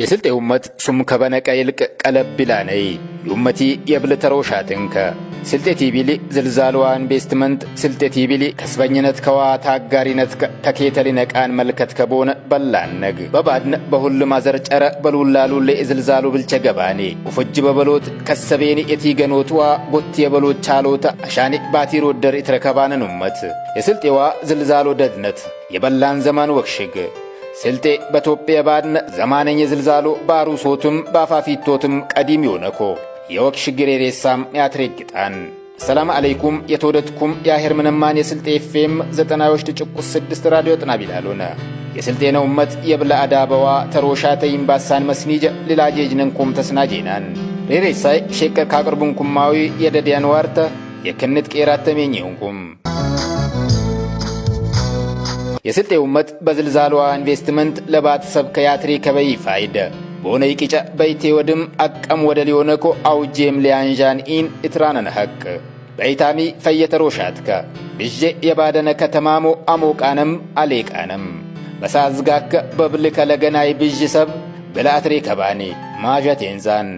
የስልጤ ውመት ሱም ከበነቀ ይልቅ ቀለብ ይላነይ የኡመቲ የብልተሮሻ ትንከ ስልጤ ቲቢሊ ዝልዛልዋ ኢንቬስትመንት ስልጤ ቲቢሊ ከስበኝነት ከዋ ታጋሪነት ተኬተሊ ነቃን መልከት ከቦነ በላነግ በባድነ በሁሉም አዘርጨረ በሉላሉ የዝልዛሉ ብልቸ ገባኔ ውፍጅ በበሎት ከሰቤኒ የቲገኖትዋ ጎት የበሎት ቻሎታ አሻኒ ባቲሮ ደር ኢትረከባነን ውመት የስልጤዋ ዝልዛሎ ደድነት የበላን ዘመን ወክሽግ ስልጤ በኢትዮጵያ ባድነ ዘማነኝ ዝልዛሎ ባሩሶትም ባፋፊቶትም ቀዲም የወቅ ሽግር የሬሳም ያትሬግጣን ሰላም አለይኩም የተወደድኩም የአሄር ምንማን የስልጤ ኤፍኤም ዘጠናዎች ትጭቁስ ስድስት ራዲዮ ጥናቢላሉነ ቢላሎነ የስልጤነ የብለ የብላ አዳበዋ ተሮሻተ ይምባሳን መስኒጀ ልላጄጅነንኮም ተስናጄናን ሬሬሳይ ሼቀር ካቅርቡንኩማዊ የደዲያን ዋርተ የክንት ቄራት ይሁንኩም የስልጤ ኡመት በዝልዛልዋ ኢንቨስትመንት ለባት ሰብ ከያትሪ ከበይ ፋይደ በሆነ ይቂጫ በይቴ ወድም አቀም ወደ ሊሆነኮ አውጄም ሊያንዣን ኢን እትራነን ሐቅ በኢታሚ ፈየተሮሻትከ ብዤ የባደነ ከተማሞ አሞቃነም አሌቃነም በሳዝጋከ በብል ከለገናይ ብዥ ሰብ ብላትሬ ከባኔ ማዣቴንዛን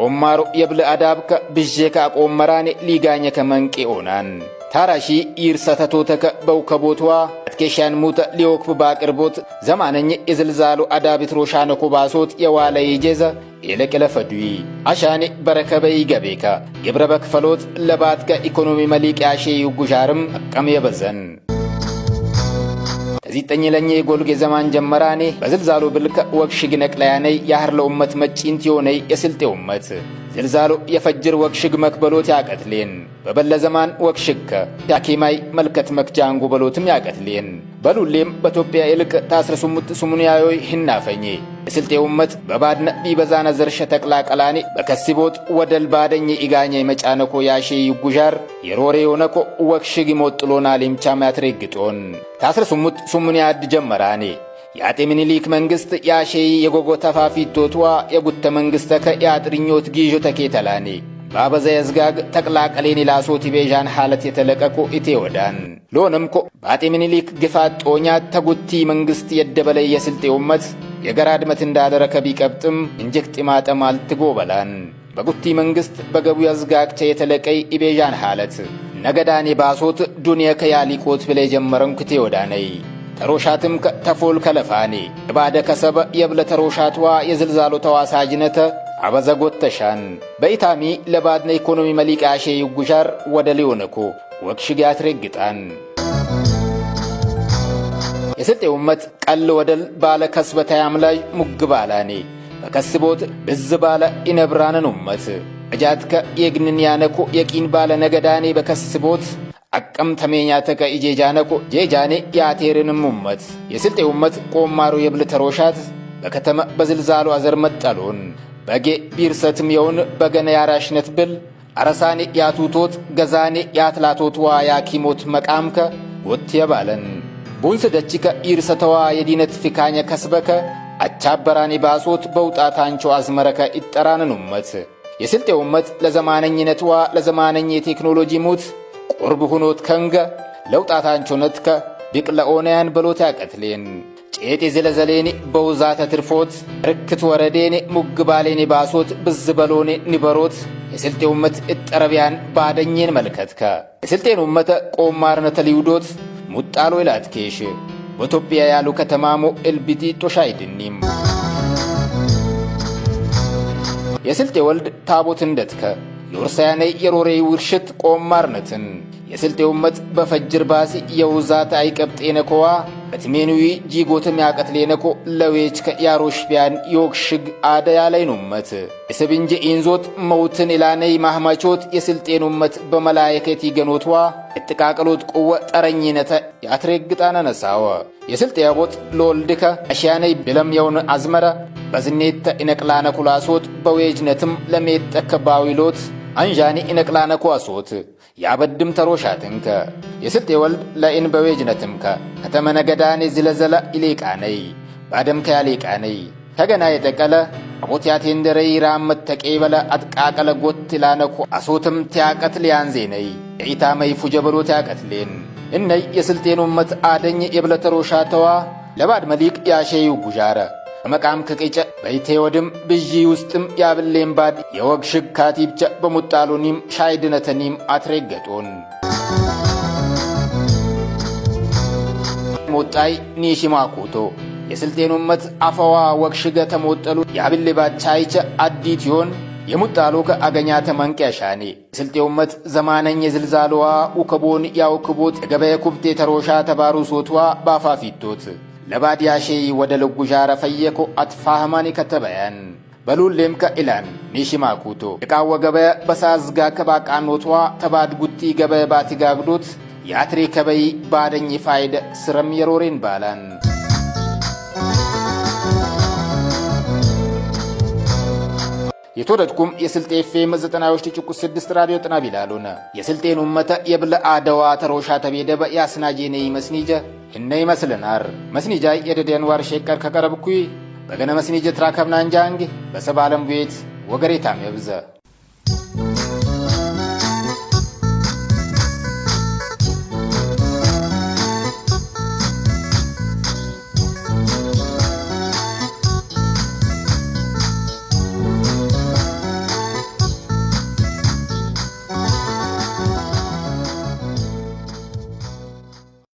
ቆማሮ የብል አዳብከ ብዤ ከአቆመራኔ ሊጋኘ ከመንቄ ኦናን ታራሺ ይርሰተቶ ይርሰተቶተከ በውከቦትዋ አትኬሻን ሙተ ሊወክፍ ባቅርቦት ዘማነኝ የዝልዛሉ አዳቢት ሮሻነ ኩባሶት የዋለ ይጄዘ የለቅለፈዱይ አሻኔ በረከበይ ገቤከ ግብረ በክፈሎት ለባትከ ኢኮኖሚ መሊቅ ያሼ ይጉሻርም አቀም የበዘን ለኝ የጎልጌ ዘማን ጀመራኔ በዝልዛሉ ብልከ ወክሽግ ነቅለያነይ ያህርለ ኡመት መጪንት የሆነይ የስልጤ ኡመት ዝልዛሉ የፈጅር ወክሽግ መክበሎት ያቀትሌን በበለ ዘማን ወክሽግከ ያኬማይ መልከት መክጃንጉ በሎትም ያቀትሌን በሉሌም በኢትዮጵያ የልቅ ታስረሱሙት ሱሙንያዮይ ህናፈኜ የስልጤ ውመት በባድ ነቢ በዛነ ዘርሸ ተቅላ ቀላኔ በከሲቦጥ ወደል ባደኝ ኢጋኘ የመጫነኮ ያሼ ይጉዣር የሮሬ የሆነኮ ወክሽግ ሞጥሎና ሌምቻም ግጦን ታስረ ሱሙት ሱሙን ያድ ጀመራኔ የአጤ ምኒልክ መንግስት ያሼይ የጎጎ ተፋፊቶትዋ የጉተ መንግስት ተከ የአጥርኞት ጊዦ ተኬተላኔ ባበዘ የዝጋግ ተቅላቀሌን የላሶት ቤዣን ሐለት የተለቀቁ ኢቴ ወዳን ሎንም ኮ በአጤ ምኒልክ ግፋት ጦኛ ተጉቲ መንግስት የደበለ የስልጤ ውመት የገራ አድመት እንዳደረከ ከቢቀብጥም እንጀክ ጢማጠም አልትጎበላን በጉቲ መንግስት በገቡ ያዝጋግቸ የተለቀይ ኢቤዣን ሐለት ነገዳኔ ባሶት ዱንየ ከያሊቆት ብለ የጀመረን ክቴ ወዳነይ ተሮሻትም ተፎል ከለፋኔ እባደ ከሰበ የብለ ተሮሻትዋ የዝልዛሎ ተዋሳጅነተ አበዘጎተሻን በኢታሚ ለባድነ ኢኮኖሚ መሊቃሼ ይጉሻር ወደ ሊዮነኮ ወክሽጋት ረግጣን የሰጤ ውመት ቀል ወደል ባለ ከስበታያም ላይ ሙግባላኔ በከስቦት ብዝ ባለ ኢነብራንን ውመት እጃትከ የግንን ያነኮ የቂን ባለ ነገዳኔ በከስቦት አቀም ተሜኛተከ ኢጄጃነኮ ጄጃኔ የአቴርንም ውመት የስልጤ ውመት ቆማሩ የብልተሮሻት በከተመ በዝልዛሉ አዘርመጠሉን በጌ ቢርሰትም የውን በገነ ያራሽነት ብል አረሳኔ ያቱቶት ገዛኔ ያትላቶት ዋ ያኪሞት መቃምከ ወት የባለን ቦንሰደችከ ኢርሰተዋ የዲነት ፊካኘ ከስበከ አቻበራኒ ባሶት በውጣታንቸው አዝመረከ ይጠራንን ኡመት የስልጤ ኡመት ለዘማነኝነትዋ ለዘማነኝ የቴክኖሎጂ ሙት ቁርብ ሁኖት ከንገ ለውጣታንቾነትከ ቢቅለ ኦንያን በሎት ያቀትሌን ጬጤ ዘለዘሌኒ በውዛተ ትርፎት ርክት ወረዴኒ ሙግባሌኒ ባሶት ብዝበሎኒ ንበሮት የስልጤ ኡመት እጠረቢያን ባደኝን መልከትከ የስልጤን ኡመተ ቆማርነተ ሊውዶት muxxaa ይላት ኬሽ በኢትዮጵያ ያሉ ከተማ ሞኤል ኤልቢጢጦ ሻይድኒም የስልጤ ወልድ ታቦት እንደትከ የወርሳያኔ የሮሬ ውርሽት ቆማርነትን የስልጤ ውመት በፈጅር ባሲ የውዛት አይቀብጤነ ኮዋ በትሜንዊ ጂጎትም ያቀት ሌነኮ ለዌች ከያሮሽቢያን የወክሽግ አደያ ላይ ኑመት የሰብንጀ ኢንዞት መውትን ኢላነይ ማህማቾት የስልጤን ኡመት በመላየከት ይገኖትዋ የጥቃቅሎት ቁወ ጠረኝነተ የአትሬግጣነ ነሳወ የስልጤ ያቦት ለወልድከ አሽያነይ ብለም የውን አዝመረ በዝኔተ ኢነቅላነ ኩላሶት በዌጅነትም ለሜጠከባዊሎት አንዣኒ እነቅላነ ኩዋሶት ያበድም ተሮሻትንከ የስጤ ወልድ ለኢንበዌ ጅነትምከ ከተመነገዳኔ ዝለዘለ ኢሌቃነይ ባደምከ ያሌቃነይ ተገና የጠቀለ አቦትያቴን ደረይ ራመት ተቄበለ አጥቃቀለ ጎት ላነኮ አሶትም ቲያቀት ሊያንዜነይ የኢታመይ ፉጀበሎ ቲያቀትሌን እነይ የስልጤኑመት አደኝ የብለተሮሻተዋ ለባድ መሊቅ ያሸዩ ጉዣረ በመቃም ከቄጨ በይቴ ብዢ ውስጥም ያብሌም ባድ የወግ ሽግ ካቲብቸ በሙጣሉኒም ሻይድነተኒም አትሬገጡን ሞጣይ ኒሽማኩቶ የስልጤን ኡመት አፈዋ ወቅሽገ ተሞጠሉ የአብሌ ባድ ቻይቸ አዲት ይሆን የሙጣሉ ከአገኛ ተመንቅያሻኔ የስልጤ ኡመት ዘማነኝ የዝልዛልዋ ውከቦን ያውክቦት የገበየ ኩብቴ ተሮሻ ተባሩ ሶትዋ ባፋፊቶት ለባዲያሼይ ወደ ልጉዣረ ፈየኮ አትፋህማኒ ከተበያን በሉሌም ከኢላን ኒሽማ ኩቶ የቃወ ገበየ በሳዝጋ ከባቃኖቷ ተባድ ጉጢ ገበየ ባቲጋግዶት የአትሬ ከበይ ባደኝ ፋይደ ስረም የሮሬን ባላን የተወደድኩም የስልጤ ኤፍኤም ስድስት ራዲዮ ጥናብ አሉነ የስልጤን ውመተ የብለ አደዋ ተሮሻ ተቤደበ ያስናጄኔ መስኒጀ እነ ይመስልናር መስኒጃይ የደደን ዋር ሸቀር ከቀረብኩይ በገነ መስኒጀ ትራከብና እንጃንግ በሰብ ዓለም ቤት ወገሬታም የብዘ